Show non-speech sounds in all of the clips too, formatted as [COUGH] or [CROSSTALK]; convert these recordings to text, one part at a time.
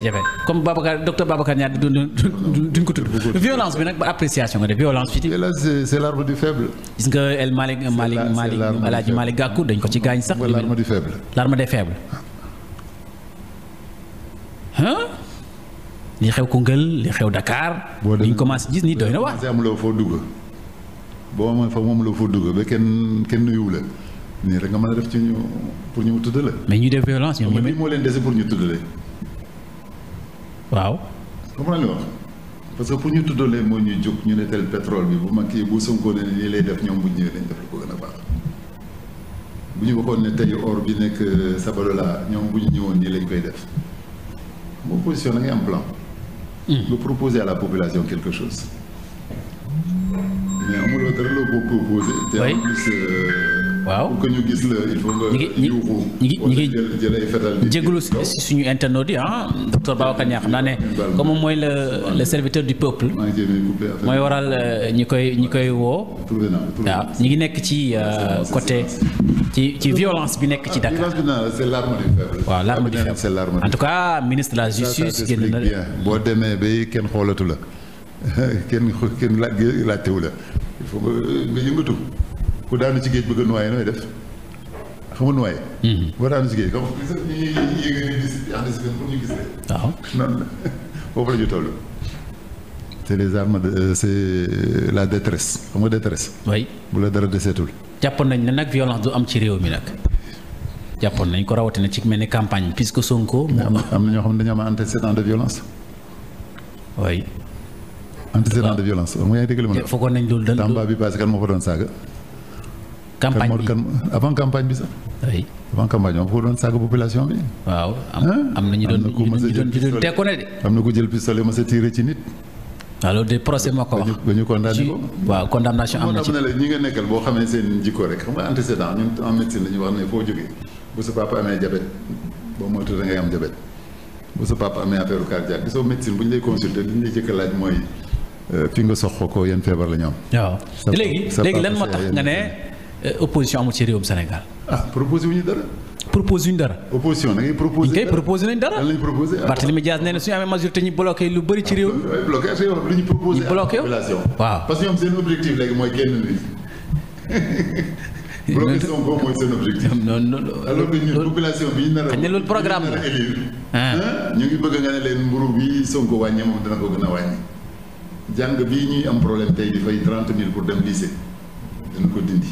jafe comme Babacar docteur Babacar Niang duñ ko tudd violence bi nag ba appréciation nga def violence fii c'est l'arme du faible gis nga El Malick Malick Malick Alaaji Malick Gakou dañ ko ci gaañ sax l'arme du faible l'arme des faibles li xew Koungheul li xew Dakar liñ commencé gis ni doy na wax am loo foo dugg boo mooy fa moom loo foo dugg ba kenn kenn nuyuwu la nii rek nga mën a def ci ñu pour ñu tudd la mais ñu def violence ñoom moo leen dese pour ñu tudd la waaw. comprendre nga parce que pour ñu tuddalee moo ñuy jóg ñu ne tel pétrole bi bu mag ki bu Sonko ne nii lay def ñoom bu ñëwee dañ def lu ko gën a baax bu ñu waxoon ne tey or bi nekk euh, Sabodala ñoom bu ñu ñëwoon nii lañ koy def bu opposition da ngay am plan. nga hmm. proposer à la population quelque chose. mais amuloo dara loo ko proposer. te en plus. Euh, waaw pour que ñu gis ngi ngi jégalu si suñu internaute yi ah. docteur Babacar Niakh xam naa ne comme mooy le le serviteur du peuple. mooy waral euh, ñi koy ñi koy woo. waaw ñi ngi nekk ci euh, côté ci ci violence bi nekk ci Dakar. waaw l'arme du faible en tout cas ministre la justice génn boo demee bay kenn xoolatu la [LAUGHS] kenn kenn la il ku daanu ci géej bëgg a noyyi nooy def xam nga noyyi. boo mhm. daanu ci géej xam waaw noonu la [LAUGHS] foofu la ñu toll. c'est les armes de euh, c'est euh, la détresse xam nga détresse. oui bu la dara deseetul. jàppoon nañ ne nag violence du am ci réew mi nag. jàppoon nañ ko rawatina ci mel ni campagne ko Sonko. am na ñoo xam ne dañoo am antécédent de violence. oui. antécédent de violence. waaw mu nañ loolu dana Tamba bi passé kan moo fa doon saaga. campagne bi avant campagne bi sax. oui avant campagne bi moom foo doon saaga population bi. waaw am na ñu doon ñu doon ñu doon tekku ne de. am na ku jël pistolet ma sa tiire ci nit. alors de procès moo ko wax na ci moo tax nga nekkal boo xam nga antécédent ñun en médecine wax ne foo jógee bu sa papa amee jabet am jabet bu sa papa amee affaire cardiaque gisoo médecine bu ñu lay consulter li ñu lay jëkk laaj mooy euh, fi nga soxla ko yan feebar la ñu am. waaw léegi léegi lan moo tax nga ne. Euh, opposition amul ci réewum Sénégal. ah proposé ñu dara. proposé wu ñu dara. opposition da ngay proposé dara ñu koy proposé nañ dara. lan la ñu proposé ah Barthélémy Dias nee na su ñu amee majorité ñu bloqué lu bëri ci réew. waaw ah, bloqué ak ah, ñu proposé. ñu bloqué waaw parce que ñoom seen objectif léegi mooy génn nit. [LAUGHS] bloqué Sonko mooy seen objectif. non non alors que ñun population bi ñu nar a. ñu loolu programme la ah. ñu ngi bëgg nga ne leen mburu bi Sonko dana ko gën a wàññi. jàng bii ñuy am problème tey di fay trente mille pour dem lycée dana ko dindi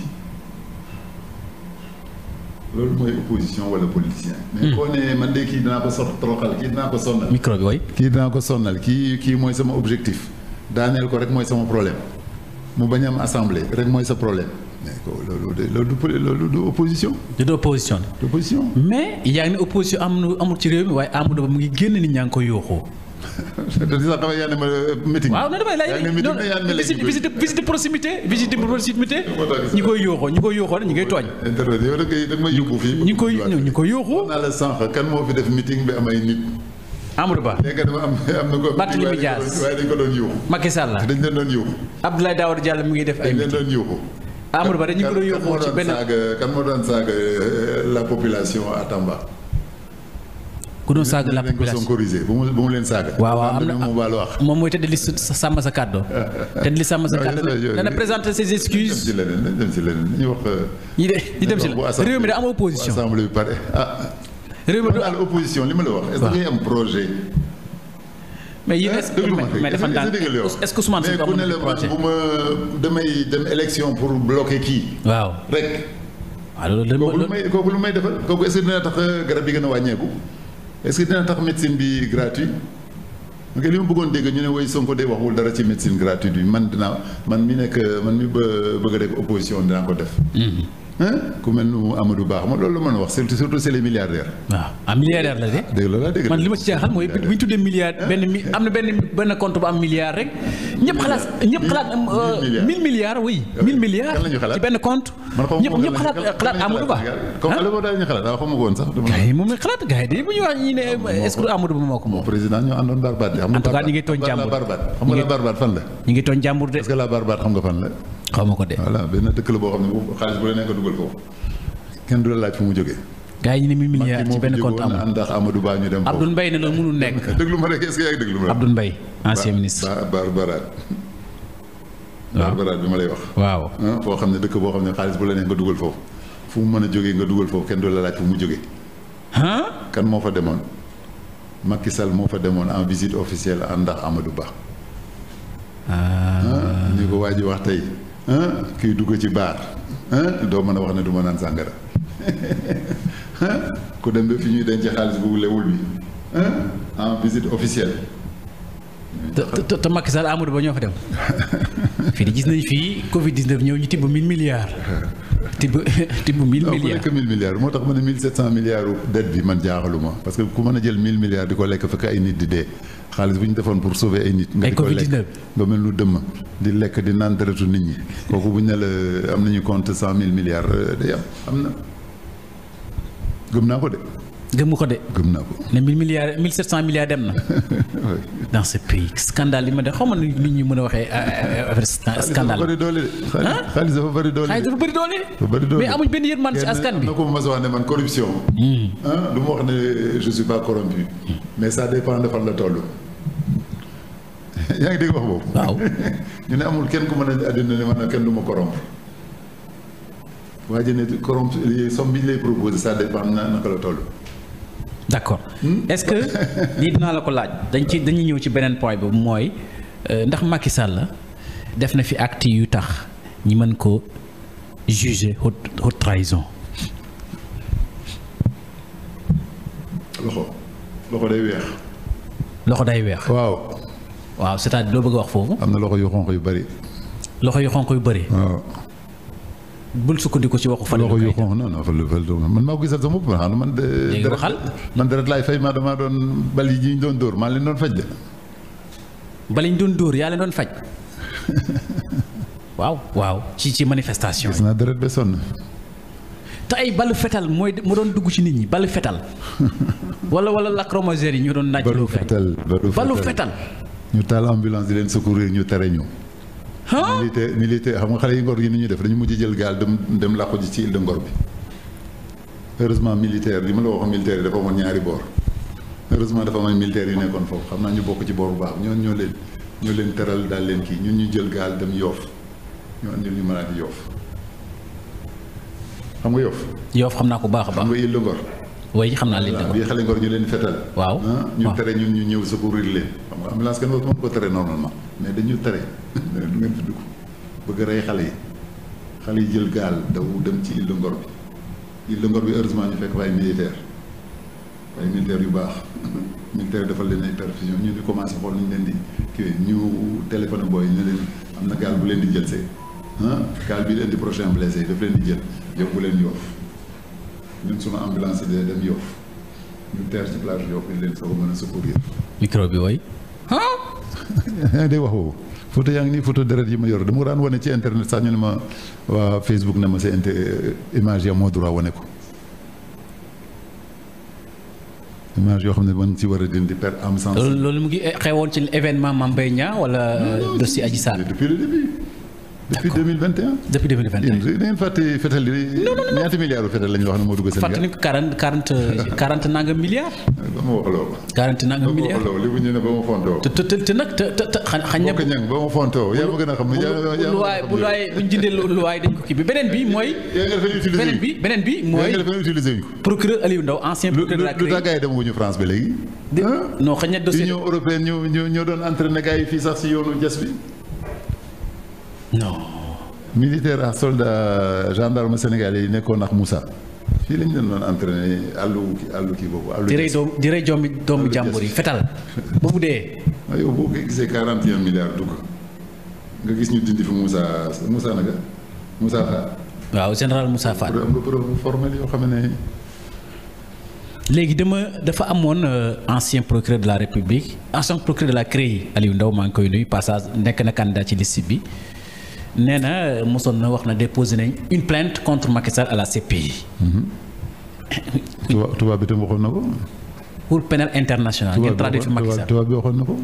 loolu mooy opposition wala politicien. Hmm. mais koo ne man de kii dinaa ko so toroxal kii dinaa ko sonnal. micro bi way kii dinaa ko sonnal kii kii mooy sama objectif daaneel ko rek mooy sama problème mu bañ am assemblée rek mooy sa problème. mais loolu du loolu du opposition. du du opposition. du mais yaa ngi ne opposition am nu amul ci réew mi waaye Amadou Ba mu ngi génn nit ñaa ngi koy yooxoo [LAUGHS] sax damay yaa ne ma meeting. waaw non damay laaj visite visite visite de proximité visite de proximité. ñi koy yooxoo ñi koy yooxoo ñi ngay tooñ. internet yow da nga may yóbbu fii. ñi koy ñi koy yooxoo. naa la sànq kan moo fi def meeting bi am ay nit. Amadou Ba léegi dama waaye dañ ko doon yóbbu. Macky Sall dañ leen doon yóbbu. Abdoulaye Daouda Diallo mi ngi def ay. dañ leen doon yóbbu. Amadou Ba dañ ñu ko doon yóbbu ci benn kan moo doon saaga euh, la population à Tamba. ku doon saaga la population bu mu bu mu leen saaga. waaw waaw am na moom mooy tëdd li sàmm sa kàddu. [LAUGHS] tëdd li sàmm sa kàddu dana présenter ses excuses. ñu dem si leneen réew mi da am ah. opposition li ma la wax. est-ce que ngay am projet. mais yéen mais dafa daan est-ce que Ousmane Sonko amul projet mais ku ne la bu ma damay dem élection pour bloquer kii. waaw rek. waaw loolu loolu kooku lu may kooku lu may defal kooku est-ce que dina tax garab yi gën a wàññeeku. est-ce que dina tax médecine bi gratuit ok li ma bëggoon dégg ñu ne woy Sonko day waxul dara ci médecine gratuite bi man dina man mi nekk man mi ba bëgg a def opposition dinaa ko def. Mm-hmm. ku mel ni Amadou Ba xam nga loolu la mën a wax surtout c'est les milliardaires. waaw ah milliardaire la de. man li ma ci jaaxal mooy bu ñu tuddee milliard benn mi am na benn benn compte bu am milliard rek. ñëpp xalaat ñëpp euh, man xaw ma ko ñëpp xalaat xalaat Amadou Ba. comme yi moom la xalaat gars yi de bu ñu wax ñu ne est-ce Ba moo ko moom. président ñoo àndoon Barbaat de. en fan la. ñu ngi tooñ jàmbur de. est la Barbaat xam fan la xaw ma ko de. voilà benn dëkk la boo xam ne xaalis bu la nekk dugal foofu kenn du la laaj fu mu jógee. yi ñu ne mi milliard ci benn compte amul ndax Amadou Ba ñu dem foofu Abdoul nekk. [LAUGHS] déglu ma rek est-ce que yaa ngi déglu ma. Abdoul Mbaye ancien ministre. ma lay wax. waaw ah, foo xam ne dëkk boo xam ne xaalis bu la nga dugal foofu fu mu mën a jógee nga dugal foofu kenn du la laaj fu mu jógee. kan moo fa demoon Macky Sall moo fa demoon en visite officielle àndax Amadou Ba. Ah. ah ni ko waa ji wax tey. kii dugg ci baar doo mën a wax ne du ma naan sàngara [LAUGHS] ku dem ba fi ñuy denc xaalis bu lewul bi en visite officielle. te te Macky Sall Amadou Ba ñoo fa dem. [LAUGHS] fii di gis nañ fii Covid 19 ñëw ñu tibb 1000 milliards. [LAUGHS] tibb [LAUGHS] tibb mille milliards ku nekk mille moo tax ma ne mille sept cent milliards dette bi man jaaxaluma parce ku mën a jël mille milliards di ko lekk fekk ay nit di dee xaalis bu ñu defoon pour sauver ay nit. nga di ko lekk nga mel lu dëmm di lekk di naan deretu nit ñi kooku bu ñu euh, am na ñu nañu compte cent mille milliards euh, day am am na gëm naa ko de. gëmu ko de. gëm naa ko ne mille milliards mille sept cent milliards dem na. [LAUGHS] dans ce pays scandale li ma de xaw ma nu ñuy mën a waxee euh, euh, affaire scandale. xaalis dafa bëri doole xaalis dafa bëri doole. mais amuñ benn yërmande ci askan bi. na ko ma wax ne man corruption. ah ma wax ne je pas corrompu. mais ça dépend de fan la toll. [LAUGHS] yaa ngi dégg wax boobu. waaw [LAUGHS] ñu ne amul kenn ku mën a àddina ne man kenn du ma corrompre. waa ji ne corrompre bi ñu lay proposé ça dépend na naka la toll. d'accord est-ce que [LAUGHS] lii dinaa la ko laaj dañ ci dañuy ñëw ci beneen point bi mooy euh, ndax Macky Sall def na fi active yu tax ñi mën ko juger haute haute trahison. loxo loxo day weex. loxo day weex. waaw. waaw cest à bëgg a wax foofu. am na loxo yu xonq yu bari. loxo yu xonq yu bari. bul sukkandiku ci waxu Fadel Keita waxu non non man maa ko gisal sama bopp man ah, man. de man deret laay fay ma damaa doon bal yi ñu doon dóor maa leen doon faj de. bal ñu doon dóor yaa leen doon faj. [LAUGHS] waaw waaw ci ci manifestation gis naa ay balu fetal mooy mu doon dugg ci nit ñi balu fetal [LAUGHS] wala wala lacrymogène yi ñu doon naaj. balu fetal balu fetal ñu taal ambulance di leen secourir ñu tere ñu. militaire militaire xam nga xale yi ngor gi ni ñuy def dañu mujj jël gaal dem dem làqu ji ci île de Ngor bi heureusement militaire li ma la waxoon militaire yi dafa amoon ñaari boor heureusement dafa amoon militaire yu nekkoon foofu xam naa ñu bokk ci boor bu baax ñoon ñoo leen ñoo leen teral daal leen kii ñun ñu jël gaal dem yoof ñu andil ñu malaat yoof xam nga yoof yoof xam naa ko baax a baax xam nga île Ngor way xam naa leen bi xale ngor ñu leen fetal waaw ah, ñu tere ñun ñu ñëw secourir leen xam nga ambulance kenn moom ko tere normalement mais dañu tere du ngeen fi dugg bëgg rey xale yi xale yi jël gaal daw dem ci île de Ngor bi île de Ngor bi heureusement ñu fekk waaye militaire waaye militaire yu baax [LAUGHS] militaire defal leen ay perfusion ñu di commencé xool ñu leen di kii ñu téléphone booy ñu leen am na gaal bu leen di jël see ah, gaal bi leen di prochain blessé daf leen di jël yóbbu leen yoof ñun sunu ambulance yi dem Yoff ñu teer ci plage Yoff leen soog a mën a secourir. micro bi woy ah. [LAUGHS] day wax woowu photo yaa ngi nii photo deret yi ma yor dama ko daan ci internet sax ñu ne ma waa Facebook ne ma sa inter image ya moo droit wane ko. image yoo xam ne man ci war a dindi perte am sens. loolu mu ngi xewoon ci événement ma Mbaye Niang wala euh, dossier Adji Sarr. depuis 2021. depuis 2021 da ngeen fàtte fetal yi. non wax ne moo dugg seen. fàttali ko loolu. quarante nangam milliards ba ma wax ñu na. mbokk ñaŋ ba ma fontoo yaa ma gën bi beneen bi mooy. yaa bi beneen bi mooy. yaa ngi dafay utiliser wu ñu ko. procureur Aliou France ba léegi. non xañ na dossier union européenne ñoo doon entraîné gars yi fii sax si yoonu jas bi non. militaire ak soldat gendarme sénégal yi nekkoon ak Moussa. fii lañ leen doon entraîné àllu kii àllu kii boobu. àllu jërëjëf doom jërëjëf doomu doomu jàmbur yi fetal ba mu dee. yow boo ko gisee quarante et un milliards dugg nga gis ñu dindi fi Moussa Moussa naka Moussa Fall. waaw général Moussa Fall. am nga preuve formel yoo xam ne. léegi dama dafa amoon euh, ancien procureur de la République ancien procureur de la CREI Aliou Ndao maa ngi koy nuyu passage nekk na candidat ci liste bi. nee na mosoon na wax na déposé nañ une plainte contre Macky Sall à la CPI. Mm-hmm. tubaab tubaab bi tam waxoon na ko. pour pénal international. ngeen traduit fi Macky tubaab bi waxoon ko.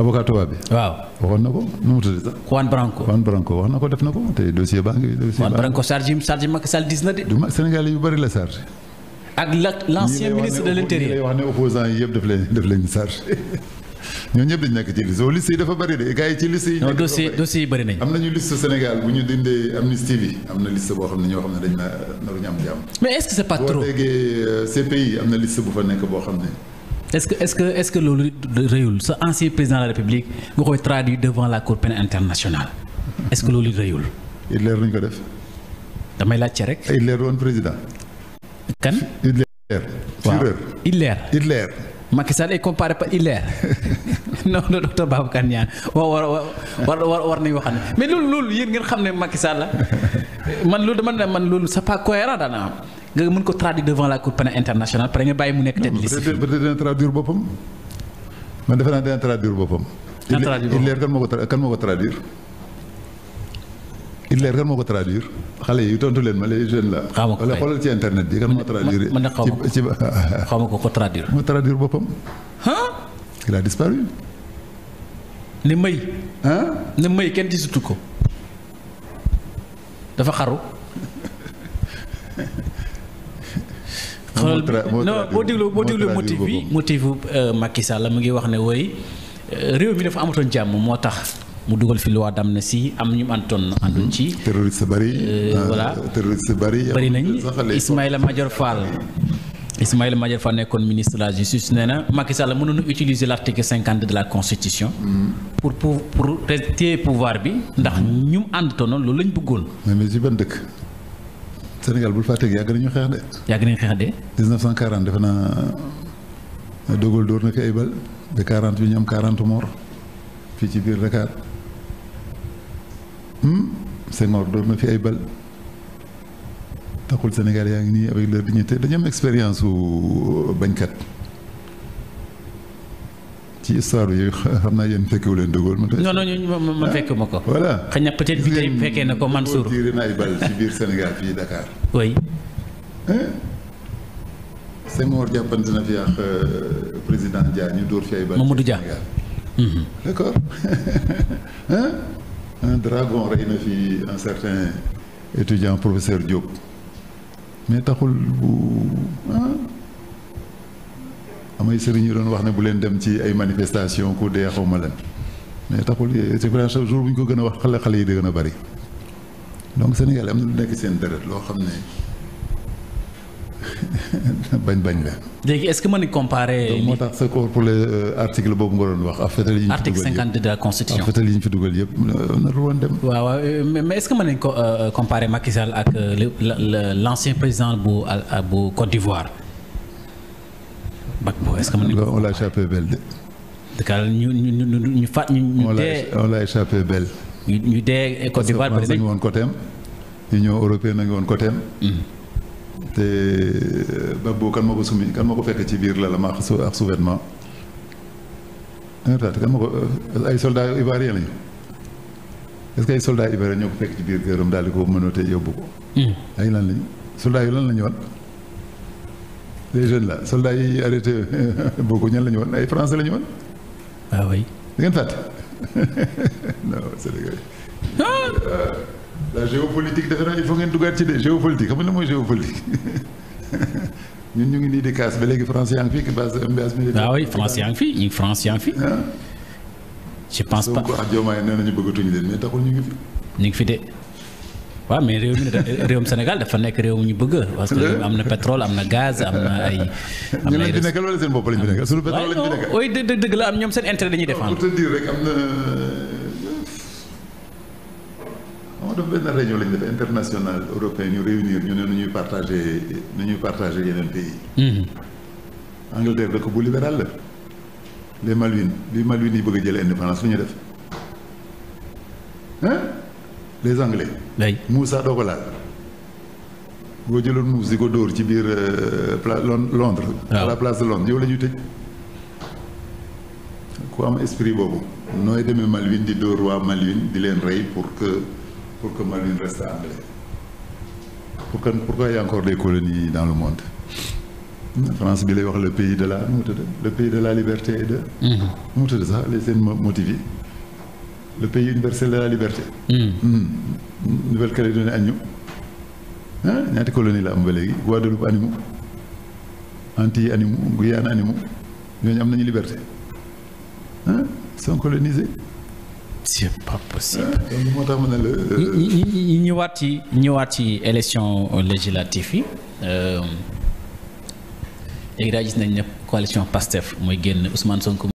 avocat tubaab bi. waaw waxoon na ko nu mu tudd sax. Juan Branco Juan Branco wax na ko def na ko te dossier baa ngi. dossier Juan Branco chargé chargé Macky Sall dis na de. du ma Sénégal yu bëri la chargé. ak la l' ancien ministre de l' intérieur. ñi lay wax ne opposant yi yëpp daf leen daf leen chargé. [LAUGHS] ñoo ñëpp dañ nekk ci liste yi dafa bari de gars yi ci liste yi non dossier dossier yi bëri nañ am nañu liste Sénégal bu ñu dindee Amnesty bi am na liste boo xam ne ñoo xam ne dañ na naruñu am jàmm mais est-ce que c'est pas trop boo déggee euh, CPI am na liste bu fa nekk boo xam ne est-ce que est-ce que est-ce que loolu réyul sa ancien président de la République nga koy traduit devant la Cour pénale internationale est-ce que loolu réyul Hitler luñ ko def damay laajte rek Hitler woon président kan Hitler Führer Hitler Hitler Macky Sall est comparé par Hilaire [LAUGHS] non non docteur Babacar Niang war war war war nañu waxal mais loolu loolu yéen ngeen xam ne Macky Sall man loolu dama ne man loolu c'est pas cohérent daanaka nga mën ko traduire devant la cour pénale internationale pare nga bàyyi mu nekk tête liste. peut-être peut-être dina traduire boppam man defe naa dina traduire boppam. dina traduire boppam Hilaire kan moo ko kan moo Hitler kan moo ko traduire xale yi tontu leen ma les jeune la. xaw ma ko xoolal ci internet bi kan moo man de xaw ma xaw ma ko ko traduire. moo traduire boppam. il a disparu. ne may. ne may kenn gisatu ko. dafa xaru. [LAUGHS] moo tra moo boo déglu boo déglu motif bi motifu euh, Macky Sall mu ngi wax ne woy euh, réew mi dafa amatoon jàmm moo tax. mu dugal fi na si am ñu antoon ànduñ ci. Mhm. terroriste bëri. Euh, euh, voilà terroriste bëri. bëri nañ Ismaïla Madior Fall. Ismaïla Madior Fall nekkoon ministre de la justice nee na Macky Sall mënoon utiliser l' article cinquante de la constitution. Mhm. pour pour pour téye pouvoir bi. ndax ñu àndatoon loolu lañ bëggoon. mais mais ci ban dëkk. Sénégal bul fa fàtte yàgg nañu xeex de. yàgg nañu xeex de. 1940 defe naa euh, De Gaulle dóor na ko ay bal de 40 bi ñu am 40 fii ci biir Dakar. Hmm? Senghor door na fi ay bal taxul Sénégal yaa ngi nii avec leur dignité dañu expérience su euh, bañkat ci histoire yooyu xam naa yéen fekkewu leen dëggool ma non non ma fekk ko. voilà xëy na peut-être bi tey fekkee na ko Mansour. tiré na ay bal ci biir Sénégal fii Dakar. oui. Senghor jàppante na fi ak euh, président Dia ñu dóor fi ay bal. Mamadou Dia Sénégal mhm. d'accord. [LAUGHS] un dragon rey na fi un certain étudiant professeur Diop mais taxul bu ah amay sëriñ yi doon wax ne bu leen dem ci ay manifestation ko dee xaw ma lan mais taxul c'est vrai chaque jour bu ñu ko gën a wax xale xale yi di gën a bari donc Sénégal am na lu nekk seen deret loo xam ne [LAUGHS] bañ bañ la. léegi est-ce que mën comparer. moo tax c'est pour euh, boobu nga doon wax. a yi ñu fi dugal yëpp article cinquante deux de la constitution. affaire yi ñu fi dugal yëpp na lu waaw euh, mais est-ce que mën ko euh, comparer Macky Sall ak l'ancien président bu bu Côte d'Ivoire. Gbagbo est-ce que mën nañu. on l'a échappé belle de. ñu ñu ñu fa ñu. ñu dee on l'a échappé belle. ñu dee Côte d'Ivoire. parce que woon côté Union européenne nañu woon côté te babbo kan moo ko sumi kan moo ko fekk ci biir lalam ak sous-vêtement kan moo ko ay soldats ivoiriens lañu est que ay soldats ivoiriens ñoo ko fekk ci biir gërëm daal di ko mënatee yóbbu ko. Hmm. ay lan lañu soldats yi lan lañu woon les jeunes la soldats yi arrêté [LAUGHS] boobu ñan lañu woon ay français lañu woon. waaw waay. da ngeen fàtte [LAUGHS] non Sénégal. la géopolitique defe naa il faut ngeen dugaat ci de géopolitique xam nga mooy géopolitique [LAUGHS] ñun ñu ngi nii di kaas ba léegi France yaa ngi fi base MBS militaire. ah oui France yaa ngi fi France ah. pense pas donc ak Diomaye nee nañu mais taxul ñu ngi fi. ñu de waaw mais réew mi réewum Sénégal dafa nekk réew mu ñu bëgg. parce que [LAUGHS] am na pétrole am na gaz am na ay. am na ay ñu leen fi nekkal seen bopp lañ fi nekkal. suñu pétrole lañ fi nekkal dëgg dëgg la am ñoom seen intérêt dañuy défendre. dafa benn réunion lañu def international européen ñu réunir ñu ne nu ñuy partagé nu ñuy partagé yeneen pays. Mm-hmm. Angleterre dëkk bu libéral la. les Malouines bi Malouines yi bëgg a jëlee indépendance lu ñu def hein les anglais. day Moussa doo ko laal. boo jëloon muus di ko dóor ci biir euh, place Londres. à la place de Londres yow la ñuy tëj. ku am esprit boobu. nooy demee Malouine di dóor waa Malouine di leen rey pour que. pour que Malines reste anglais pourquoi pourquoi il y a encore des colonies dans le monde France bi lay wax le pays de la nu mu tudd le pays de la liberté et de mm-hmm. nu mu tudd sax les seen motifs yi le pays universel de la liberté mm-hmm. Mm-hmm. Nouvelle-Calédonie ak ñu ñaati colonie la am ba léegi Guadeloupe animu Antilles animu Guyane animu ñooñu am nañu liberté sont colonisés c'est pas possible. moo tax ma euh, ci ñëwaat ci élection législative yi euh, léegi daa gis nañ ne coalition PASTEF mooy génn Ousmane Sonko.